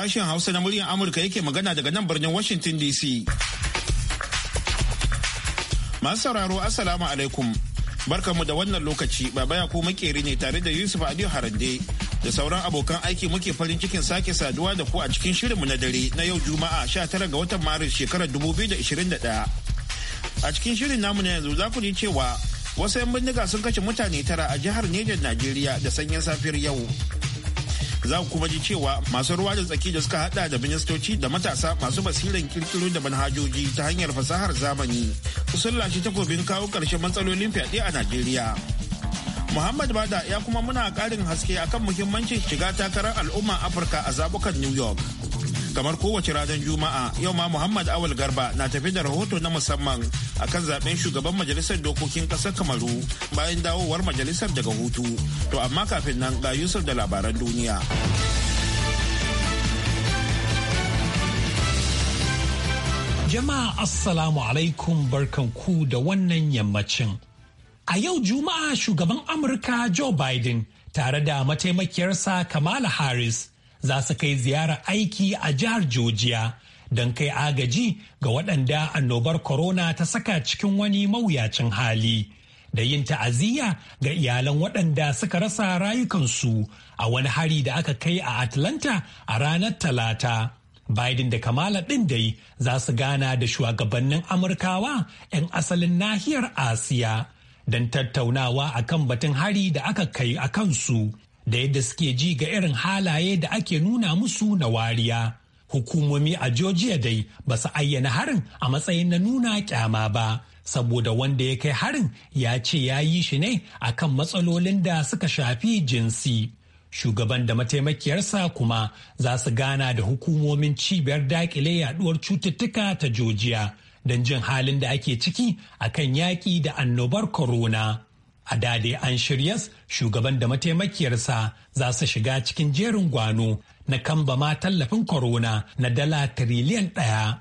Sashen Hausa na muryar Amurka yake magana daga nan birnin Washington DC. Masu sauraro Assalamu alaikum. barkamu da wannan lokaci Baba ko makeri ne tare da Yusuf Aliyu Harande da sauran abokan aiki muke farin cikin sake saduwa da ku a cikin shirinmu na dare na yau Juma'a 19 ga watan Maris shekarar 2021. A cikin shirin namu na yanzu za ku ji cewa wasu 'yan bindiga sun kashe mutane tara a jihar Nejan Najeriya da sanyin safiyar yau. za ku kuma ji cewa masu ruwa da tsaki da suka hada da ministoci da matasa masu basiran kirkiro da manhajoji ta hanyar fasahar zamani sun lashe takobin kawo ƙarshen matsalolin fyaɗe a najeriya muhammad bada ya kuma muna ƙarin haske akan muhimmancin shiga takarar al'umma afirka a zabukan new york kamar kowace ranar juma'a yau ma muhammad awal garba na tafi da rahoto na musamman akan zaben shugaban majalisar dokokin kasar kamaru bayan dawowar majalisar daga hutu to amma kafin nan ga yusuf da labaran duniya jama'a assalamu alaikum barkanku da wannan yammacin a yau juma'a shugaban amurka joe biden tare da mataimakiyarsa kamala harris za su kai ziyara aiki a jihar Georgia don kai agaji ga waɗanda annobar corona ta saka cikin wani mawuyacin hali. Da yin ta'aziyya ga iyalan waɗanda suka rasa rayukansu a wani hari da aka kai a Atlanta a ranar Talata. Biden da Kamala ɗin dai za su gana da shugabannin Amurkawa 'yan asalin nahiyar Asiya don tattaunawa a kan batun hari da aka kai a kansu da yadda suke ji ga irin halaye da ake nuna musu na wariya. Hukumomi a Georgia dai ba su ayyana harin a matsayin na nuna kyama ba, saboda wanda ya kai harin ya ce ya yi shi ne a kan matsalolin da suka shafi jinsi. Shugaban da mataimakiyarsa kuma za su gana da hukumomin cibiyar dakile yaduwar cututtuka ta Georgia don jin halin da ake ciki a kan yaƙi da annobar corona. a dade an shiryas shugaban da mataimakiyarsa za su shiga cikin jerin gwano na kamba ma tallafin korona na dala tiriliyan ɗaya.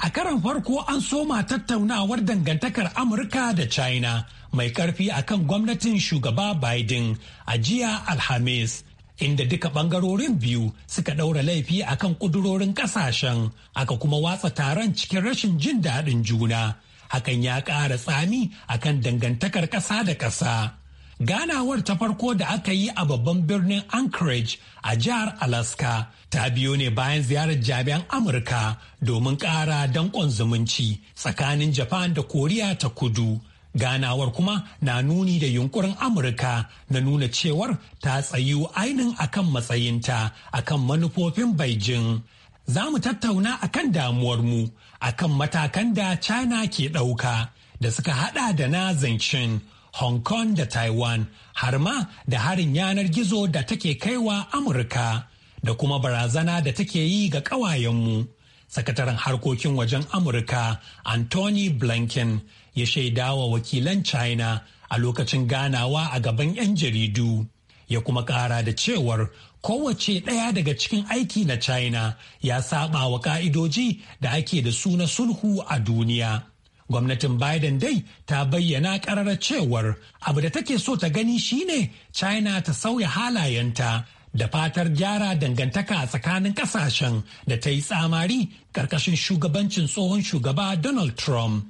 A karan farko an soma tattaunawar dangantakar Amurka da China mai karfi akan gwamnatin shugaba Biden a jiya Alhamis. Inda duka bangarorin biyu suka ɗaura laifi akan kudurorin ƙasashen aka kuma watsa taron cikin rashin jin daɗin juna. hakan ya ƙara tsami akan dangantakar ƙasa da ƙasa. Ganawar ta farko da aka yi a babban birnin Anchorage a jihar Alaska ta biyo ne bayan ziyarar jami'an Amurka domin ƙara danƙon zumunci tsakanin Japan da Koriya ta kudu. ganawar kuma na nuni da yunkurin amurka na nuna cewar ta tsayu ainin akan matsayinta akan manufofin beijing za mu tattauna akan mu. akan matakan da China ke ɗauka da suka hada da na zancen Hong Kong da Taiwan har ma da harin yanar gizo da take kaiwa Amurka da kuma barazana da take yi ga ƙawayenmu. Sakataren harkokin wajen Amurka Anthony Blinken ya shaidawa wakilan China a lokacin ganawa a gaban 'yan jaridu. Ya kuma ƙara da cewar kowace ɗaya daga cikin aiki na china ya saba wa ka'idoji da ake da su na sulhu a duniya gwamnatin biden dai ta bayyana ƙararra cewar abu da take so ta gani shine china ta sauya halayenta da fatar gyara dangantaka a tsakanin kasashen da ta yi tsamari ƙarƙashin shugabancin tsohon shugaba donald trump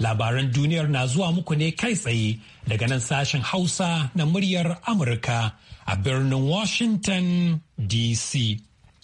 labaran duniyar na zuwa muku ne kai tsaye daga nan sashen hausa na muryar amurka a birnin Washington DC.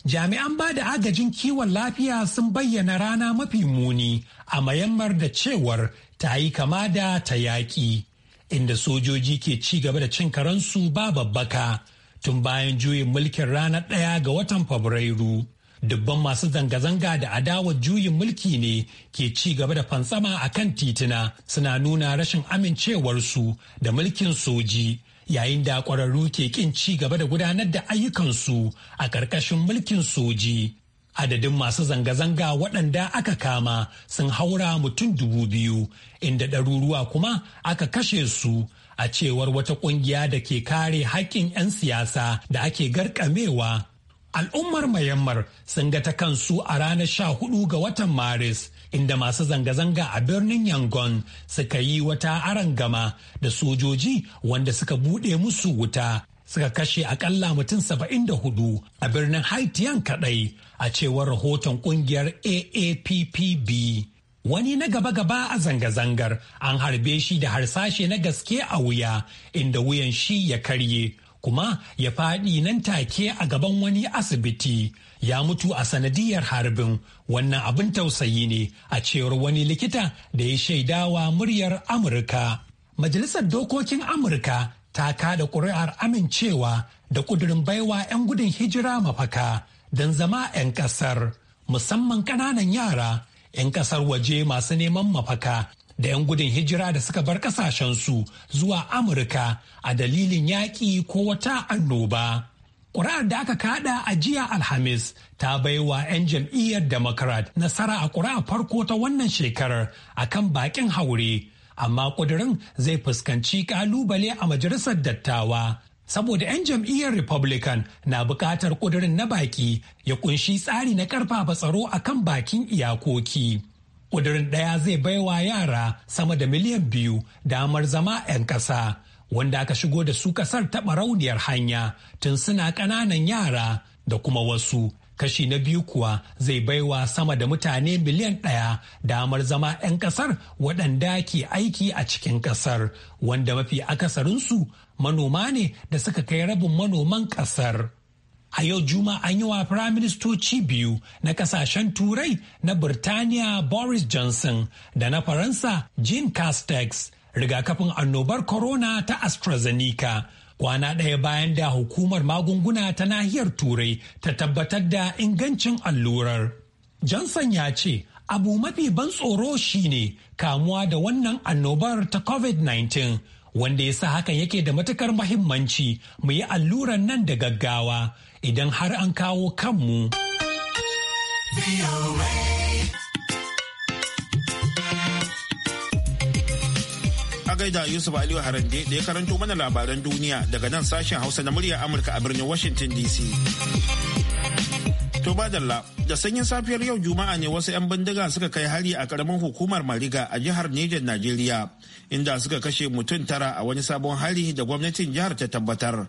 Jami'an ba da agajin kiwon lafiya sun bayyana rana mafi muni a mayammar da cewar ta yi kama da ta yaƙi, inda sojoji ke ci gaba da cin karansu ba babbaka tun bayan juyin mulkin ranar ɗaya ga watan Fabrairu. Dubban masu zanga-zanga da adawar juyin mulki ne ke ci gaba da fantsama a kan titina suna nuna rashin amincewarsu da mulkin soji. yayin da ƙwararru ke ƙin ci gaba da gudanar da ayyukansu a ƙarƙashin mulkin soji. Adadin masu zanga-zanga waɗanda aka kama sun haura mutum dubu biyu, inda ɗaruruwa kuma aka kashe su a cewar wata ƙungiya da ke kare haƙƙin 'yan siyasa da ake garƙamewa. Al'ummar Mayammar sun ga ta kansu a ranar sha hudu ga watan Maris inda masu zanga-zanga a birnin yangon suka yi wata arangama da sojoji wanda suka buɗe musu wuta suka kashe akalla mutum saba'in da hudu a birnin Haitian kaɗai a cewar rahoton ƙungiyar aappb Wani na gaba-gaba a zanga-zangar an harbe shi da harsashe na gaske a wuya inda wuyan shi ya karye kuma ya faɗi nan take a gaban wani asibiti ya mutu a sanadiyar harbin wannan abin tausayi ne a cewar wani likita da ya shaidawa muryar amurka majalisar dokokin amurka ta kada ƙuri'ar amincewa da ƙudirin baiwa 'yan gudun hijira mafaka don zama 'yan ƙasar musamman ƙananan yara 'yan ƙasar waje masu neman mafaka da 'yan gudun hijira da suka bar ƙasashensu zuwa amurka a dalilin yaƙi ko wata annoba. Ƙuri'ar da aka kaɗa a jiya Alhamis ta baiwa 'yan jam'iyyar Democrat nasara a ƙuri'ar farko ta wannan shekarar a kan baƙin haure, amma ƙudurin zai fuskanci ƙalubale a majalisar dattawa saboda 'yan jam'iyyar republican na buƙatar ƙudurin na baki ya ƙunshi tsari na ƙarfafa tsaro a kan bakin iyakoki ƙudurin ɗaya zai baiwa yara sama da miliyan biyu damar zama 'yan ƙasa wanda aka shigo da su kasar taɓa rauniyar hanya tun suna ƙananan yara da kuma wasu kashi na biyu kuwa zai baiwa sama da mutane miliyan ɗaya damar zama 'yan ƙasar waɗanda ke aiki a cikin ƙasar wanda mafi akasarinsu manoma ne da suka kai rabin manoman ƙasar. A yau juma an yi wa firaministoci biyu na kasashen turai na Birtaniya Boris Johnson da na Faransa Jean Castex rigakafin annobar corona ta AstraZeneca kwana ɗaya bayan da hukumar magunguna ta nahiyar turai ta tabbatar da ingancin allurar. Johnson ya ce abu mafi ban tsoro shine kamuwa da wannan annobar ta COVID-19 wanda ya sa hakan yake da matukar mahimmanci mu yi alluran nan da gaggawa idan har an kawo kanmu. gaida Yusuf Aliyu Harande da ya karanto mana labaran duniya daga nan sashen Hausa na muryar Amurka a birnin Washington DC. To badalla da sanyin safiyar yau Juma'a ne wasu 'yan bindiga suka kai hari a karamin hukumar Mariga a jihar Nijar Najeriya inda suka kashe mutum tara a wani sabon hali da gwamnatin jihar ta tabbatar.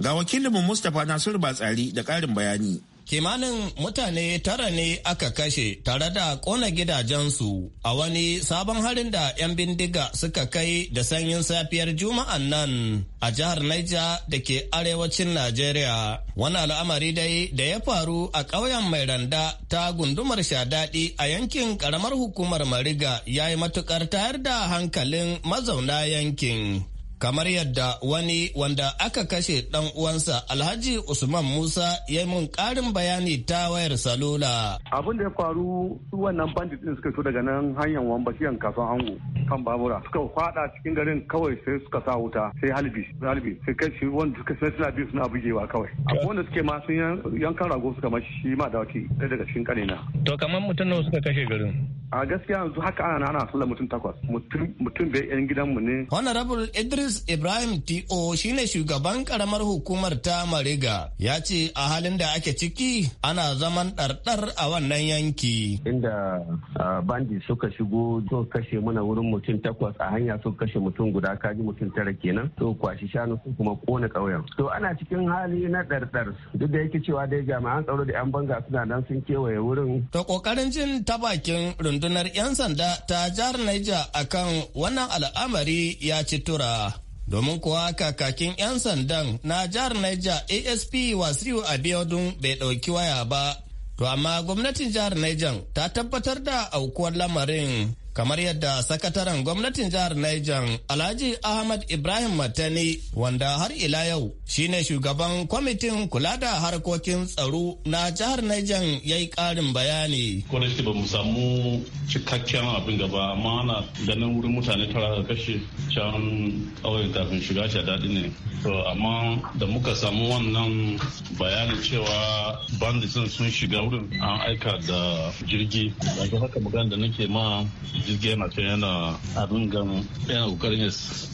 Ga wakilinmu Mustapha Nasiru Batsari da ƙarin bayani. kimanin mutane tara ne aka kashe tare da kona gidajensu a wani sabon harin da 'yan bindiga suka kai da sanyin safiyar juma'an nan a jihar Niger da ke arewacin Najeriya. Wani al'amari dai da ya faru a ƙauyen mai randa ta gundumar sha daɗi a yankin ƙaramar hukumar Mariga ya yi matuƙar tayar da hankalin mazauna yankin. kamar yadda wani wanda aka kashe dan uwansa alhaji usman musa ya yi mun karin bayani ta wayar salula abin da ya faru su wannan bandit din suka so daga nan hanyar wambasiyan kasuwan ango kan babura suka faɗa cikin garin kawai sai suka sa wuta sai halibi halibi sai kai shi wanda suka sai suna biyu suna bugewa kawai akwai wanda suke ma sun yankan rago suka mashi shi ma dawaki daga cikin kanina to kamar mutum nawa suka kashe garin a gaskiya yanzu haka ana ana sallar mutum takwas mutum bai yan gidanmu ne. honorable idris ibrahim to shine shugaban karamar hukumar ta mariga ya ce a halin da ake ciki ana zaman ɗarɗar a wannan yanki. inda bandi suka shigo suka kashe mana wurin mutum takwas a hanya suka kashe mutum guda kaji mutum tara kenan to kwashi shanu su kuma kona ƙauyen. to ana cikin hali na ɗarɗar duk da yake cewa dai jami'an tsaro da 'yan banga suna nan sun kewaye wurin. to kokarin jin ta bakin rundunar 'yan sanda ta jihar Niger akan wannan al'amari ya ci tura. Domin kuwa kakakin 'yan sandan na jihar Niger ASP Wasiu Abiodun bai ɗauki waya ba. To amma gwamnatin jihar Niger ta tabbatar da aukuwar lamarin kamar yadda sakataren gwamnatin jihar Niger Alhaji Ahmad Ibrahim Matani wanda har ila yau shine shugaban kwamitin kula da harkokin tsaro na jihar Niger ya yi karin bayani. Kwanaki ba mu samu cikakken abin gaba amma ana ganin wurin mutane tara da kashe can kawai kafin shiga shi daɗi ne. To amma da muka samu wannan bayanin cewa banditin sun shiga wurin an aika da jirgi. Daga haka magana da nake ma jirgin masu yana abin gan yana kokarin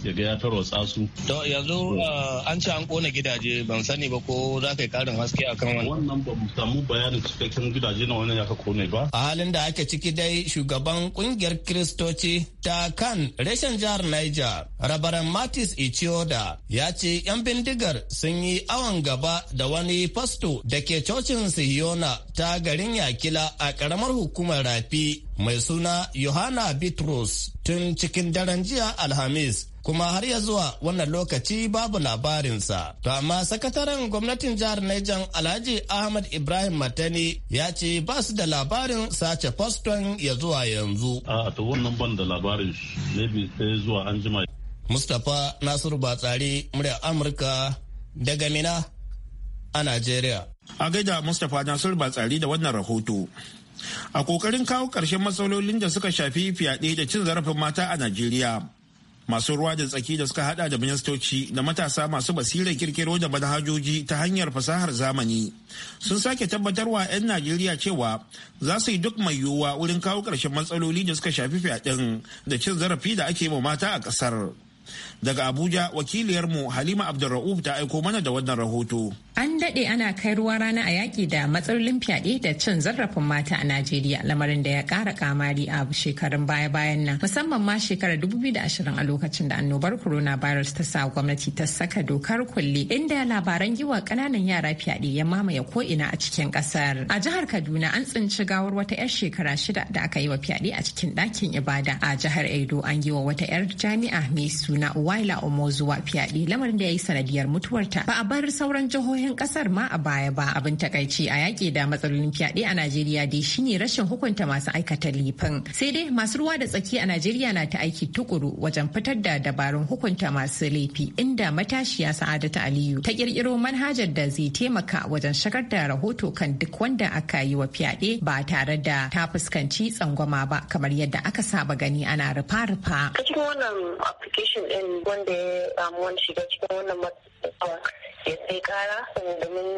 ya ga ya taro su. To yanzu uh, an ce an kona gidaje ban sani ba ko za ka yi karin haske akan wani. Wannan ba mu samu bayanin cikakken gidaje na wani ya ka kone ba. A halin da ake ciki dai shugaban kungiyar Kiristoci ta kan reshen jihar Niger, Rabaran Matis Ichioda ya ce 'yan bindigar sun yi awon gaba da wani fasto da ke cocin sihiona ta garin Yakila a karamar hukumar Rafi mai suna Yohana Bitrus tun cikin daren jiya Alhamis. kuma har ya zuwa wannan lokaci babu labarinsa. To amma sakataren gwamnatin jihar Niger Alhaji Ahmad Ibrahim Matani ya ce ba su da labarin sace faston ya zuwa yanzu. A to wannan ban da labarin ne sai zuwa an jima. Mustapha Nasiru Batsari, murya Amurka daga Mina a Najeriya. A gaida Mustapha Nasir Batsari da wannan rahoto. A kokarin kawo ƙarshen matsalolin da suka shafi fyaɗe da cin zarafin mata a Najeriya. Masu ruwa da tsaki da suka hada da ministoci da matasa masu basirar kirkiro da manhajoji ta hanyar fasahar zamani sun sake tabbatarwa 'yan Najeriya cewa za su yi duk mai yiwuwa wurin kawo ƙarshen matsaloli da suka shafi fyaɗen da cin zarafi da ake ma mata a ƙasar. Daga Abuja wakiliyarmu Halima Abdulra'uf ta aiko mana da wannan rahoto. An daɗe ana kai ruwa rana a yaki da matsalolin fyaɗe da cin zarrafin mata a Najeriya lamarin da ya ƙara kamari a shekarun baya-bayan nan musamman ma shekarar 2020 a lokacin da annobar coronavirus ta sa gwamnati ta saka dokar kulle inda labaran giwa ƙananan yara fyaɗe ya mamaye ko ina a cikin ƙasar. A jihar Kaduna an tsinci gawar wata 'yar shekara shida da aka yi wa fyaɗe a cikin ɗakin ibada. A jihar Edo an yiwa wata 'yar jami'a mai suna Waila Omozuwa fyaɗe lamarin da ya yi sanadiyar mutuwarta. Ba a bar sauran jihohin jihohin kasar ma a baya ba abin takaici a yaƙi da matsalolin fyaɗe a najeriya dai shine rashin hukunta masu aikata lifin sai dai masu ruwa da tsaki a najeriya na ta aiki tukuru wajen fitar da dabarun hukunta masu laifi inda matashiya ta aliyu ta kirkiro manhajar da zai taimaka wajen shakar da rahoto kan duk wanda aka yi wa fyaɗe ba tare da ta fuskanci tsangwama ba kamar yadda aka saba gani ana rufa-rufa. cikin wannan application ɗin wanda ya samu wani shiga cikin wannan sai sai kara da mun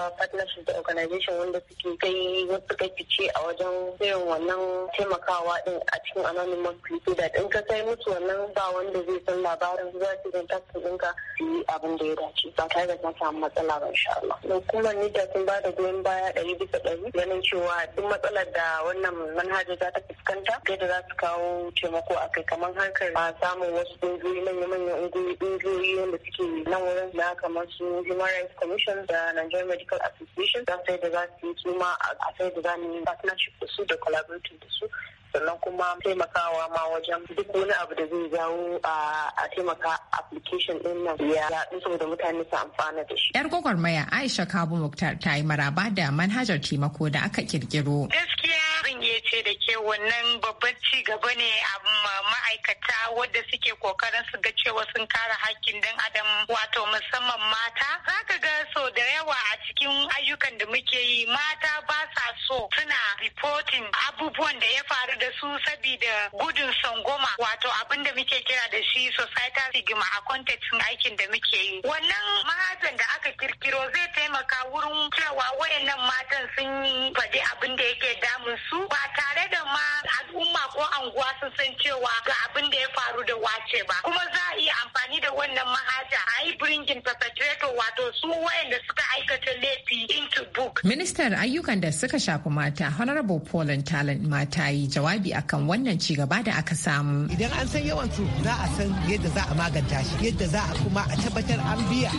uh, partnership da organization wanda suke kai wasu kai fice a wajen irin wannan taimakawa din a cikin anonymous people da in ka kai musu wannan ba wanda zai san labarin zuwa su zan tasu su yi abin da ya dace ba tare da sun samu matsala ba insha Allah. ni da sun ba da goyon baya ɗari bisa ɗari ganin cewa duk matsalar da wannan manhaja za ta fuskanta kai da za su kawo taimako a kai kamar harkar uh, samun wasu ƙungiyoyi manya-manyan ƙungiyoyi wanda suke nan wurin na kamar su su human rights commission da nigerian medical association za su da za su yi su a sai da za mu yi partnership da su da collaborative da su sannan kuma taimakawa ma wajen duk wani abu da zai jawo a taimaka application din nan ya yaɗu saboda mutane su amfana da shi. Yar gwagwarmaya Aisha Kabu Muktar ta yi maraba da manhajar taimako da aka kirkiro. Gaskiya Zan iya ce da ke wannan babban ci gaba ne a ma'aikata wadda suke kokarin su ga cewa sun kare hakkin dan adam wato musamman mata Za ka ga so da yawa a cikin ayyukan da muke yi mata ba sa so suna reporting abubuwan da ya faru da su sabida gudun sangoma wato abin da muke kira da shi societal stigma a context aikin da muke yi. Wannan mahazan da aka kiro zai taimaka wurin cewa wayannan matan sun yi faɗi abin da yake damun su ba tare da ma al'umma ko anguwa sun san cewa ga abin da ya faru da wace ba kuma za a iya amfani da wannan mahaja a yi bringin perpetrator wato su wayanda suka aikata laifi into book. Ministan ayyukan da suka shafi mata Honorable Paulin Talent mata yi jawabi akan wannan ci gaba da aka samu. Idan an san yawan su za a san yadda za a maganta shi yadda za a kuma a tabbatar an biya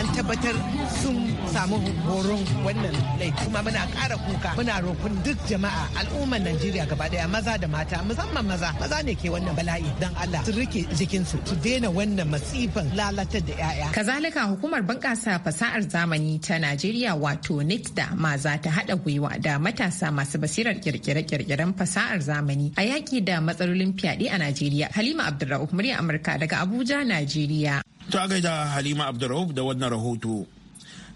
an tabbatar sun samu horon wannan laifi kuma muna ƙara kuka muna roƙon duk jama'a al'ummar Najeriya gaba daya maza da mata musamman maza maza ne ke wannan bala'i dan Allah su rike jikinsu su daina wannan masifan lalatar da 'ya'ya. Kazalika hukumar bunƙasa fasahar zamani ta Najeriya wato NITDA ma za ta haɗa gwiwa da matasa masu basirar kirkire-kirkiren fasahar zamani a yaƙi da matsalolin fyaɗe a Najeriya. Halima Abdurrahman muryar Amurka daga Abuja, Najeriya. Ta gaida Halima Abdurrahman da wannan rahoto.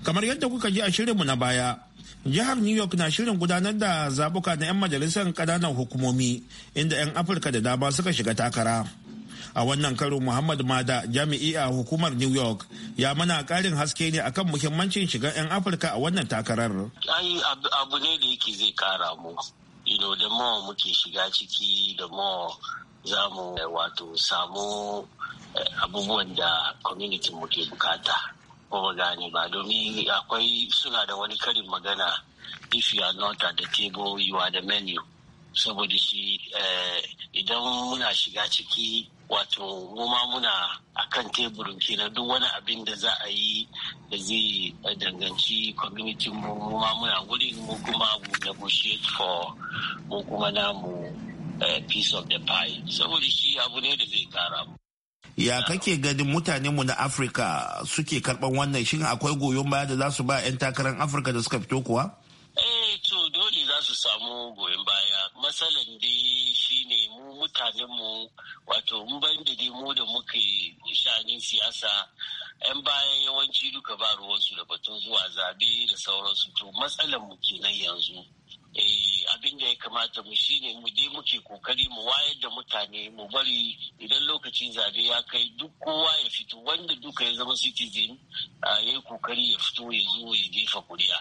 kamar yadda kuka ji a shirinmu na baya jihar new york na shirin gudanar da zabuka na 'yan majalisar kananan hukumomi inda 'yan afirka da dama suka shiga takara a wannan karo muhammad mada jami'i a hukumar new york ya mana karin haske ne akan muhimmancin shiga 'yan afirka a wannan takarar ai abu ne da yake zai kara mu da muke shiga ciki da mo za mu eh, wato samu eh, abubuwan da community muke bukata ko ba gane ba domin akwai suna da wani karin magana if you are not at the table you are the menu saboda shi eh, idan muna shiga ciki wato ma muna a kan teburin kenan duk wani abin da za a yi da zai danganci community mu ma muna wurin mu kuma mu negotiate for mu kuma na mu eh, piece of the pie saboda shi abu ne da zai kara mu ya kake ganin mutane mu na afirka suke karban wannan shin akwai goyon baya da za su ba 'yan takarar afirka da suka fito kuwa eh to dole za su samu goyon baya matsalan dai shine mu mutanen mu wato mun ban da mu da muke shanin siyasa yan bayan yawanci duka ba ruwansu da batun zuwa zabe da sauransu to matsalan mu kenan yanzu Eh, abin da ya kamata mu shine mu je muke kokari mu wayar da mutane mu bari idan lokacin zabe ya kai duk kowa ya fito wanda duka ya zama citizen ya yi kokari ya fito ya zo ya jefa kuri'a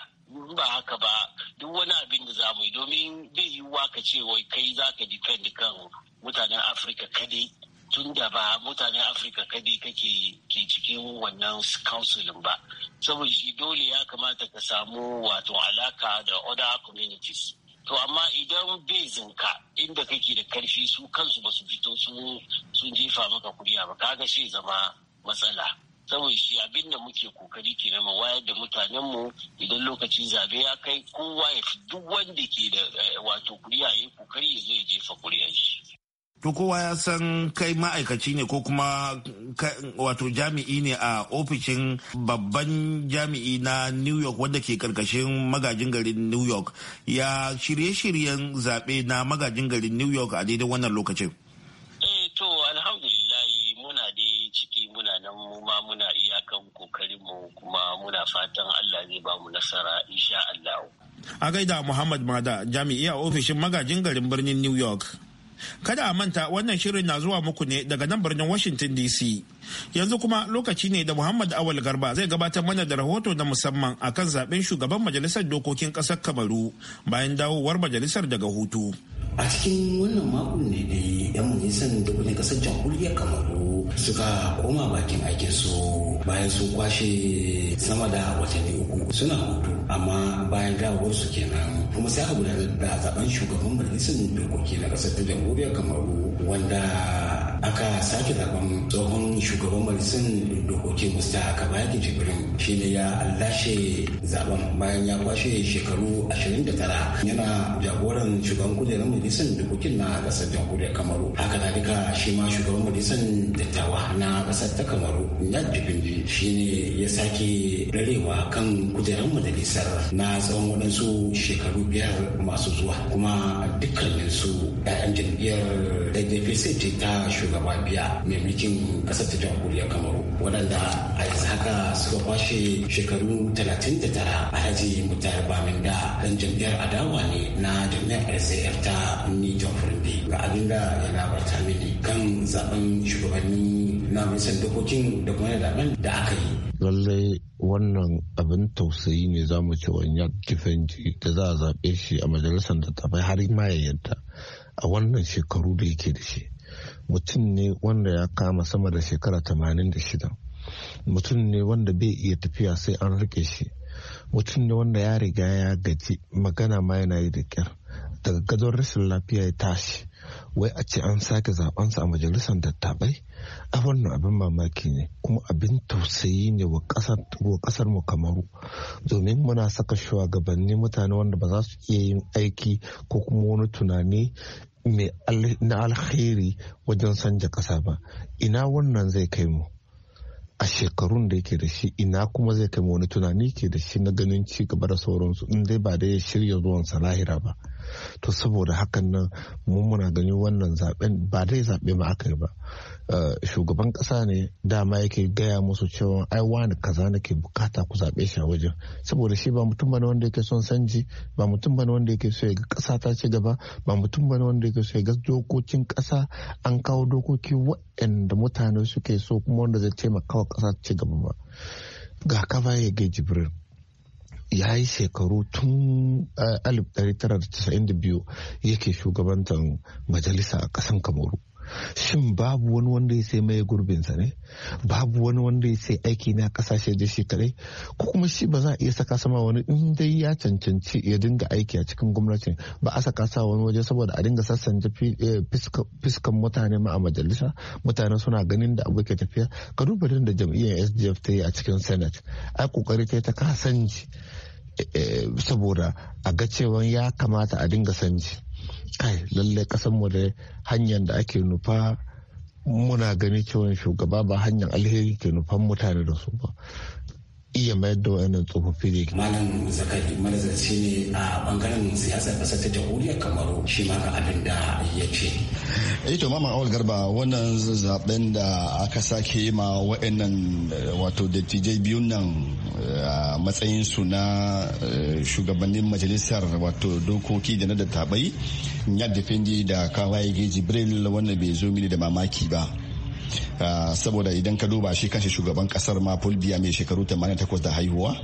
ba haka ba duk wani abin da zamu yi domin bai yiwuwa ka ce wai kai zaka depend kan mutanen afirka kadai tun da ba mutanen afirka kadai kake ke cikin wannan councilin ba saboda shi dole ya kamata ka samu wato alaka da other communities to amma idan bai bezinka inda kake da karfi su kansu ba su fito sun jefa maka kuriya ba kaga shi zama matsala saboda shi abin da muke kokari ke nama wayar da mutanen mu idan lokacin zabe ya kai kowa ya fi duk wanda ke da eh, wato kuriya ya kokari ya zo ya jefa kuriyar shi To kowa ya san kai ma'aikaci ne ko kuma wato jami'i ne a ofishin babban jami'i na New York wanda ke karkashin magajin garin New York ya shirye-shiryen zaɓe na magajin garin New York a daidai wannan lokacin. Eh to alhamdulillahi muna dai ciki muna nan mu ma muna iyakan kokarin kuma muna fatan Allah zai ba mu nasara insha Allah. A gaida Muhammad Mada jami'i a ofishin magajin garin birnin New York. Kada a manta wannan shirin na zuwa muku ne daga nan birnin Washington DC. Yanzu kuma lokaci ne da Muhammad Awal Garba zai gabatar mana da rahoto na musamman akan zaben shugaban majalisar dokokin ƙasar Kamaru bayan dawowar majalisar daga hutu. A cikin wannan makon ne dai 'yan majalisar dokokin ƙasar jamhuriyar Kamaru suka koma bakin aikinsu bayan sun kwashe sama da watanni uku suna hutu amma bayan dawowar su kenan kuma sai a gudanar da zaben shugaban majalisar dokoki na kasar ta jamhuriyar kamaru wanda aka sake zaben tsohon shugaban majalisar dokoki musta kabayaki jibrin shine ya lashe zaben bayan ya kwashe shekaru 29 yana jagoran shugaban kujerar majalisar dokokin na kasar jamhuriyar kamaru haka zalika shi ma shugaban majalisar dattawa na kasar ta kamaru jibinji shi shine ya sake rarewa kan kujerar majalisar na tsawon waɗansu shekaru biyar masu zuwa kuma dukkaninsu 'ya'yan jam'iyyar DPC ce ta shugaba biya mai mulkin kasar ta jamhuriyar Kamaru waɗanda a yanzu haka suka kwashe shekaru 39 Alhaji Mutar Baminda ɗan jam'iyyar adawa ne na jam'iyyar RCF ta ni jamhuriyar ga abinda ya labarta mini kan zaben shugabanni na majalisar dokokin da kuma zaben da aka yi lallai wannan abin tausayi ne za mu ci wani fenti da za a zaɓe shi a majalisar da tafai har ma yayyanta a wannan shekaru da yake da shi mutum ne wanda ya kama sama da shekara tamanin da shida mutum ne wanda bai iya tafiya sai an rike shi mutum ne wanda ya riga ya gaji magana ma yana yi da kyar daga gadon rashin lafiya ya tashi wai a ce an sake zaɓansa a majalisar dattabai a wannan abin mamaki ne kuma abin tausayi ne wa kasar mu kamaru domin muna saka shugabanni mutane wanda ba za su iya yin aiki ko kuma wani tunani na alheri wajen sanja ƙasa ba ina wannan zai kai mu a shekarun da yake da shi ina kuma zai kai mu wani tunani ke da shi na ganin ci gaba da sauransu in dai ba da ya shirya zuwan lahira ba to saboda hakan nan mu muna gani wannan zaben ba dai zaɓe ma aka yi ba eh, shugaban ƙasa ne dama yake gaya musu cewa ai wani kaza nake bukata ku zaɓe shi a wajen saboda shi ba mutum bane wanda yake son sanji ba mutum bane wanda yake so ya ga ƙasa ta ci gaba ba mutum bane wanda yake so ya ga dokokin ƙasa an kawo dokoki waɗanda mutane suke so kuma wanda zai taimaka wa ƙasa ci gaba ba ga kafa ya ga jibril ya yi shekaru tun 1992 eh, yake shugabantar majalisa a ƙasan kamaru shin babu wani wanda ya sai mai gurbinsa ne babu wani wanda ya sai aiki na kasashe da shi kadai ko kuma shi ba za a iya saka sama wani in dai ya cancanci ya dinga aiki a cikin gwamnati ba a saka sa wani waje saboda a dinga sassanta eh, fiskan mutane ma a majalisa mutane suna ganin da abu ke tafiya ka duba da jam'iyyar sdf ta yi a cikin senate ai kokari ta ta kasance Eh, saboda a ga cewa ya kamata a dinga sanji kai lallai kasanmu da hanyar da ake nufa muna gani cewa shugaba ba hanyar alheri ke nufan mutane da su ba iya mayar da wayannan tsofaffi da malam zakari malazarci ne a bangaren siyasar ƙasa ta jamhuriyar kamaru shi ma ga abin da ya ce eh to mama awal garba wannan zaben da aka sake ma nan wato dattijai biyun nan eh, a matsayin su na eh, shugabannin majalisar wato dokoki da na dattabai ya defendi da kawai geji jibril wannan bai zo mini da mamaki ba Ah, saboda idan ka duba shi kanshi shugaban kasar ma fulbiya mai shekaru 88 da haihuwa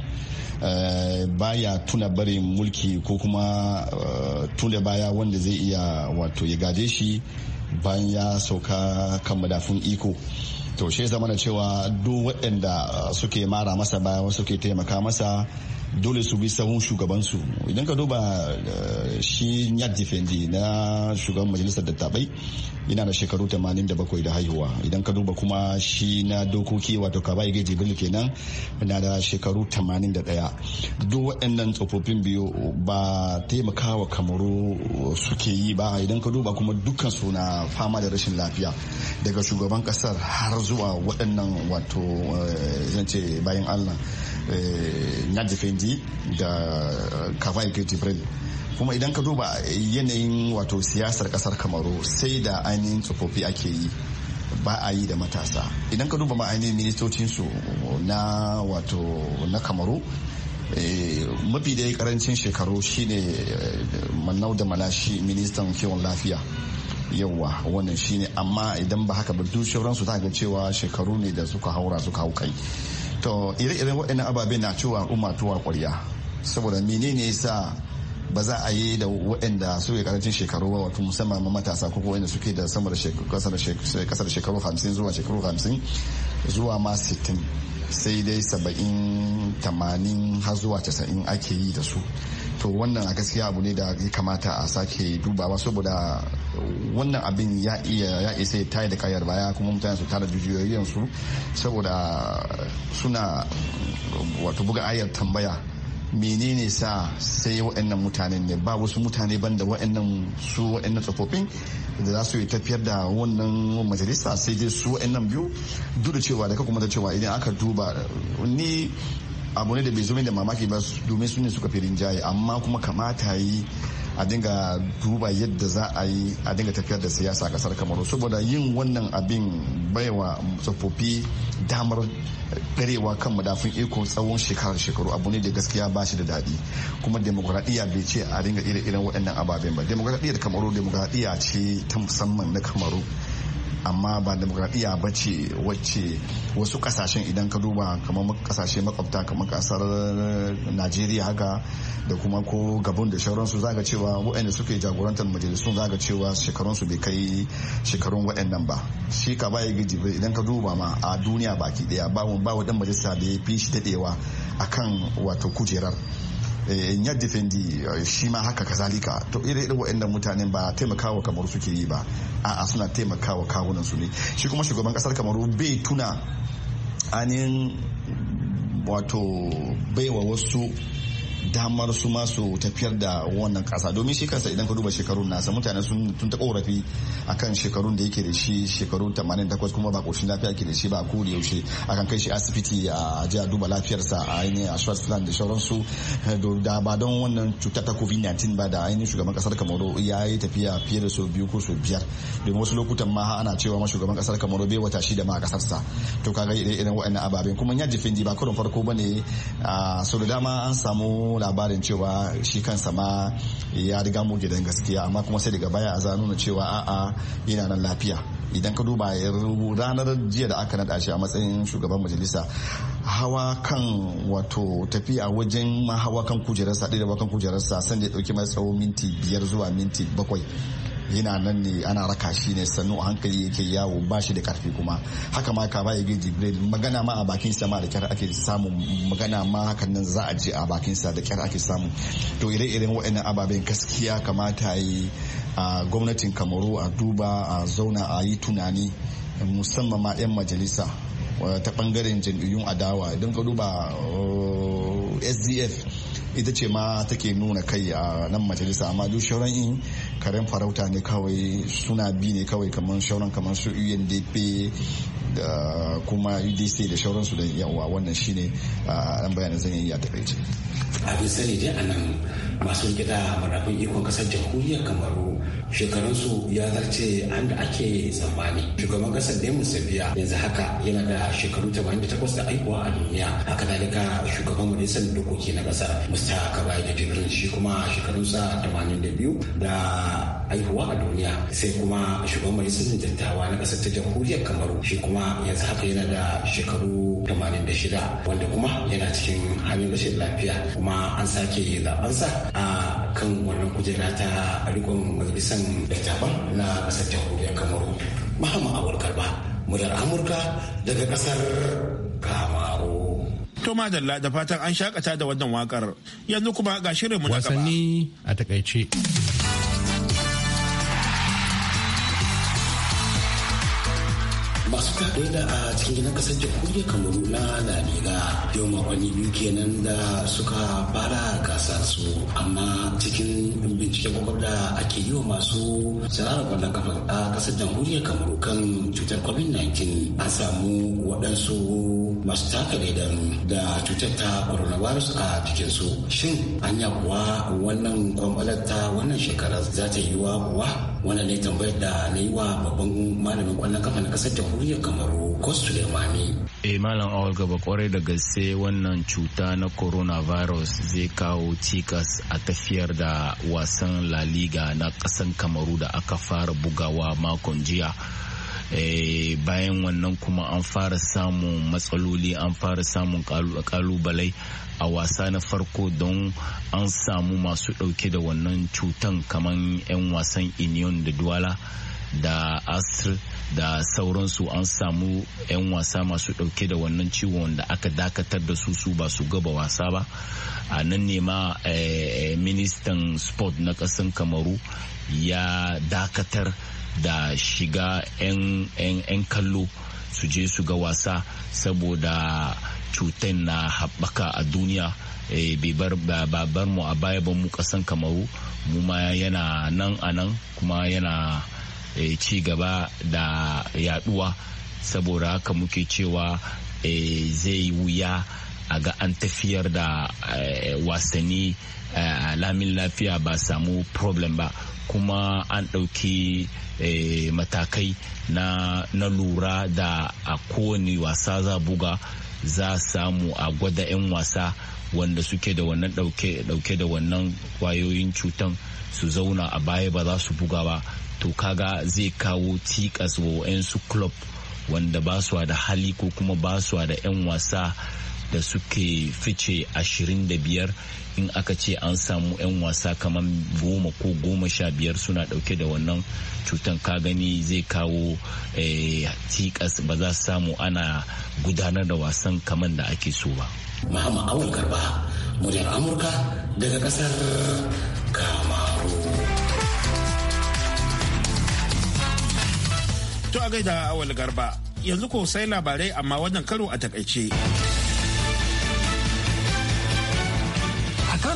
eh, baya tuna barin mulki ko kuma eh, tuna baya wanda zai iya wato ya gaje shi bayan ya sauka kan madafun iko to shi zama cewa duk waɗanda ah, suke mara masa baya suke taimaka masa dole su bi sahun shugabansu idan ka duba eh, shi nyat defendi na shugaban majalisar dattabai yana da shekaru 87 da haihuwa idan ka duba kuma shi na dokoki wato kabai ga jibril kenan na da shekaru 81 duk waɗannan tsofaffin biyu ba taimakawa kamaru suke yi ba idan ka duba kuma dukkan su na fama da rashin lafiya daga shugaban kasar har zuwa waɗannan wato eh, zance bayan allah Nnadi eh, Fendi da eh, Kavai Jibril kuma idan ka duba yanayin wato siyasar kasar kamaru sai da ainihin tsofaffi ake yi ba a yi da matasa idan ka duba ma ainihin ministocinsu na wato na kamaru eh, mafi da karancin shekaru shine manau da malashi ministan kiwon lafiya yauwa wannan shine amma idan ba haka ba duk shauransu ta ga cewa shekaru ne da suka haura suka hau kai to ire ire waɗannan ababe na cewa al'umma tuwa ƙwarya saboda menene sa ba za a yi da waɗanda suke karancin shekaru ba wato musamman ma matasa ko waɗanda suke da sama da kasar shekaru hamsin zuwa shekaru hamsin zuwa ma sittin sai dai saba'in tamanin har zuwa casa'in ake yi da su to wannan a gaskiya abu ne da ya kamata a sake dubawa saboda wannan abin ya iya ya isa ya tayi da kayar baya kuma mutane su tara jujiyoyinsu saboda suna wato buga ayar tambaya menene sa sai waɗannan mutanen ne ba wasu mutane ban da waɗannan su waɗannan tsofaffin da za su yi tafiyar da wannan majalisa sai dai su waɗannan biyu duk da cewa da kuma da cewa idan aka duba ni abu ne da bai zo da mamaki ba domin su ne suka fi rinjaye amma kuma kamata yi a dinga duba yadda za a yi a dinga tafiyar da siyasa a kasar kamaru saboda yin wannan abin baiwa tsofaffi damar ɗarewa kan madafin iko tsawon shekarar shekaru abu ne da gaskiya ba shi da daɗi kuma demokuraɗiyya bai ce a dinga ire iren waɗannan ababen ba demokuraɗiyyar kamaru demokuraɗiyya ce ta musamman na kamaru amma ba demokradiyya ba ce wacce wasu kasashen idan ka duba kamar kasashe makwabta kamar kasar najeriya haka da kuma ko gabon da shauransu zaga cewa waɗanda suke jagorantar majalisun zaga cewa shekarunsu bai kai shekarun waɗannan ba shi ka baya gidi idan ka duba ma a duniya baki daya ba wa dan majalisa da ya fi shi daɗewa akan wato kujerar Eh, ya defendi eh, shi ma haka kazalika to ire wa inda mutanen ba taimakawa kamaru suke yi ba a'a suna taimakawa kawunan su ne shi kuma shugaban kasar kamaru bai tuna anin wato baiwa wasu damar su masu su tafiyar da wannan kasa domin shi kansa idan ka duba shekarun nasa mutane sun tun ta korafi akan shekarun da yake da shi shekarun 88 kuma ba koshin lafiya yake da shi ba ko da yaushe akan kai shi asibiti a ji duba lafiyarsa a ainihin a Swaziland da sauransu eh, da ba don wannan cuta ta COVID-19 ba da ainihin shugaban kasar Kamaru ya yi tafiya fiye da sau biyu ko sau biyar domin wasu lokutan ma ana cewa ma shugaban kasar Kamaru bai wata da ma a kasarsa to kaga irin waɗannan ababen kuma ya jifin ba karon farko bane sau da dama an samu samu labarin cewa shi kansa ma ya riga mu gidan gaskiya amma kuma sai daga baya a nuna cewa a'a yana nan lafiya idan ka duba ranar jiya da aka naɗa shi a matsayin shugaban majalisa hawa kan wato tafiya wajen ma hawa kan kujerarsa ɗaya da kan kujerarsa sanda ya ɗauki mai tsawo minti biyar zuwa minti bakwai yana nan ne ana raka shi ne sannu a hankali yake yawo ba shi da karfi kuma haka ma ka bai gidi jibril magana ma a bakin sa ma da kyar ake samu magana ma hakan nan za a je a bakin sa da kyar ake samu to ire-iren wa'annan ababen gaskiya kamata yi a gwamnatin kamaru a duba a zauna a yi tunani musamman ma 'yan majalisa ta bangaren jam'iyyun adawa idan ka duba uh, sdf ita ce ma take nuna kai a nan majalisa amma duk shauran in karen farauta ne kawai suna bi ne kawai kamar shauran kamar su UNDP da kuma UDC da su da yawa wannan shine a ɗan bayanin zan yi a takaice. Abin sani dai a nan masu gida marafin ikon kasar jamhuriyar Kamaru shekarunsu ya zarce an da ake tsammani shugaban kasar da musabiya yanzu haka yana da shekaru 88 da aikuwa a duniya haka dalika shugaban majalisar dokoki na kasar musta kabai da jibrin shi kuma shekarunsa 82 da aihuwa a duniya sai kuma shugaban majalisar dattawa na kasar ta jamhuriyar kamaru shi kuma yanzu haka yana da shekaru 86 wanda kuma yana cikin halin rashin lafiya kuma an sake zabansa a kan wannan kujera ta rikon majalisar dattaban na kasar jamhuriyar kamaru mahamman awal karba muryar amurka daga kasar kamaru to madalla da fatan an shakata da wannan wakar yanzu kuma ga shirin mu na gaba wasanni a takaice masu tare da a cikin gidan kasar jamhuriyar kamaru na laliga yau makonni biyu kenan da suka fara gasar su amma cikin binciken kwakwar da ake yi wa masu sana'ar kwallon kafa a kasar jamhuriyar kamaru kan cutar covid-19 an samu waɗansu masu taka daidan da cutar ta coronavirus a jikinsu shin anya kuwa wannan kwamfalar ta wannan shekara za ta yiwa kuwa wannan ne tambayar da na yi wa babban malamin kwallon kafa na kasar jamhuriyar kamaru kostu lemami e eh, malam awal gaba kwarai da gaske wannan cuta na coronavirus zai kawo cikas a tafiyar da wasan la liga na kasan kamaru da aka fara bugawa makon jiya Eh, bayan wannan kuma an fara samun matsaloli an fara samun kalubalai a wasa na farko don an samu masu ɗauke da wannan cutan kamar 'yan wasan union da duwala da asir da sauransu an samu 'yan wasa masu ɗauke da wannan ciwon da aka dakatar da su su ba su gaba wasa ba a nan ne ma eh, ministan sport na kasan kamaru ya dakatar da shiga 'yan kallo su je su ga wasa saboda cutar na haɓaka a duniya eh, bai bar mu a baya ba mu ƙasan kamaru mu ma yana nan a nan kuma yana eh, ci gaba da yaduwa saboda haka muke cewa eh, zai wuya a ga an tafiyar da wasanni lamin lafiya ba samu problem ba kuma an ɗauki e matakai na, lura da a kowane wasa za buga za samu a gwada 'yan wasa wanda suke da wannan dauke da wannan kwayoyin cutan su zauna a baya ba za su buga ba to kaga zai kawo cikas wa su club wanda ba su da hali ko kuma ba su da 'yan wasa da suke fice 25 in aka ce an samu 'yan wasa kamar goma ko goma sha biyar suna dauke da wannan cutan ka gani zai kawo tikas eh, ba za su samu ana gudanar da wasan kamar da ake so ba. Mahama Awul Garba, muryar Amurka daga kasar Kamaru. To a gaida Awul Garba, yanzu ko sai labarai amma wannan karo a takaice.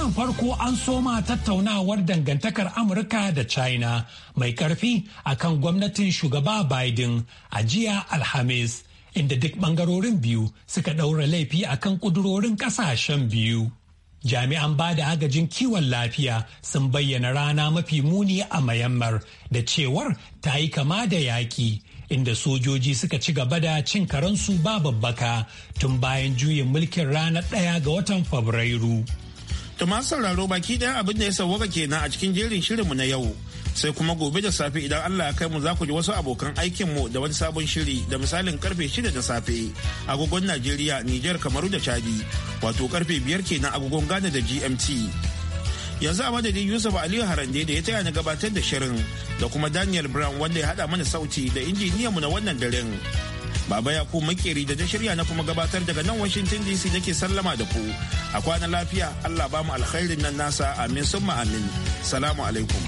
an farko an soma tattaunawar dangantakar Amurka da China mai karfi kan gwamnatin shugaba Biden a jiya Alhamis, inda duk bangarorin biyu suka ɗaura laifi a kan kudurorin ƙasashen biyu. Jami'an ba da agajin kiwon lafiya sun bayyana rana mafi muni a Mayammar da cewar ta yi kama da yaƙi. inda sojoji suka ci gaba da cin karansu ba babbaka tun bayan juyin mulkin ranar ɗaya ga watan Fabrairu. Tuma sauraro baki ɗaya abin da ya sauwaka kenan a cikin jerin shirinmu na yau. Sai kuma gobe da safe idan Allah ya kai mu za ku ji wasu abokan aikinmu da wani sabon shiri da misalin karfe shida da safe agogon Najeriya, Nijar, Kamaru da Chadi. Wato karfe biyar kenan agogon Ghana da GMT. Yanzu a madadin Yusuf Aliyu Harande da ya taya na gabatar da shirin da kuma Daniel Brown wanda ya haɗa mana sauti da injiniyanmu na wannan daren. Baba ya ku makeri da shirya na kuma gabatar daga nan Washington DC nake sallama da ku. A kwana lafiya Allah ba mu alkhairin nan nasa amin summa amin. Salamu alaikum.